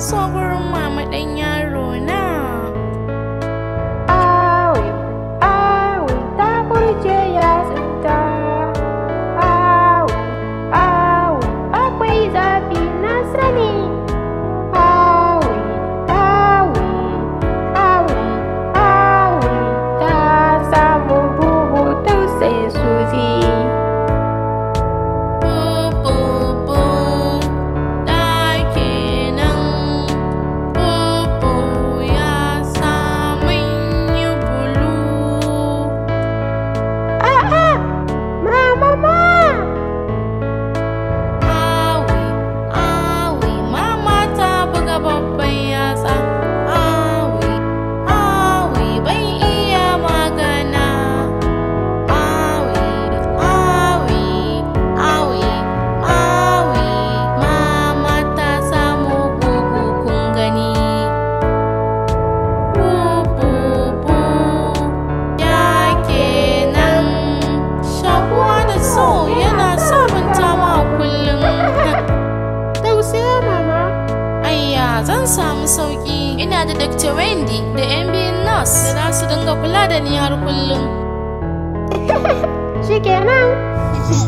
summer zan samu sauki ina da Dr. Wendy da MB Nurse da za su dinga kula da ni har kullum. Shikenan.